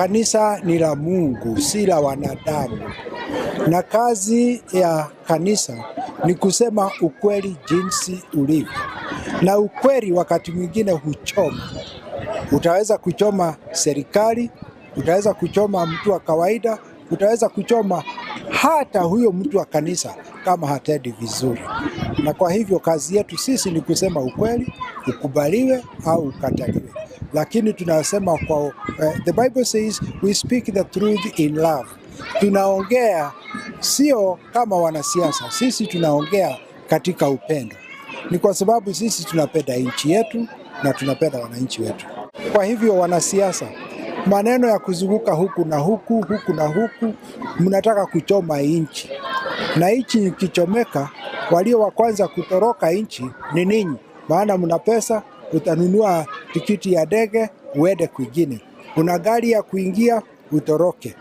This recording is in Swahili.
Kanisa ni la Mungu, si la wanadamu, na kazi ya kanisa ni kusema ukweli jinsi ulivyo, na ukweli wakati mwingine huchoma. Utaweza kuchoma serikali, utaweza kuchoma mtu wa kawaida, utaweza kuchoma hata huyo mtu wa kanisa kama hatendi vizuri. Na kwa hivyo kazi yetu sisi ni kusema ukweli, ukubaliwe au ukataliwe lakini tunasema kwa uh, the Bible says we speak the truth in love. Tunaongea sio kama wanasiasa, sisi tunaongea katika upendo. Ni kwa sababu sisi tunapenda nchi yetu na tunapenda wananchi wetu. Kwa hivyo, wanasiasa, maneno ya kuzunguka huku na huku huku na huku, mnataka kuchoma nchi, na nchi ikichomeka, walio wa kwanza kutoroka nchi ni ninyi, maana mna pesa utanunua tikiti ya ndege uende kwingine. Kuna gari ya kuingia utoroke.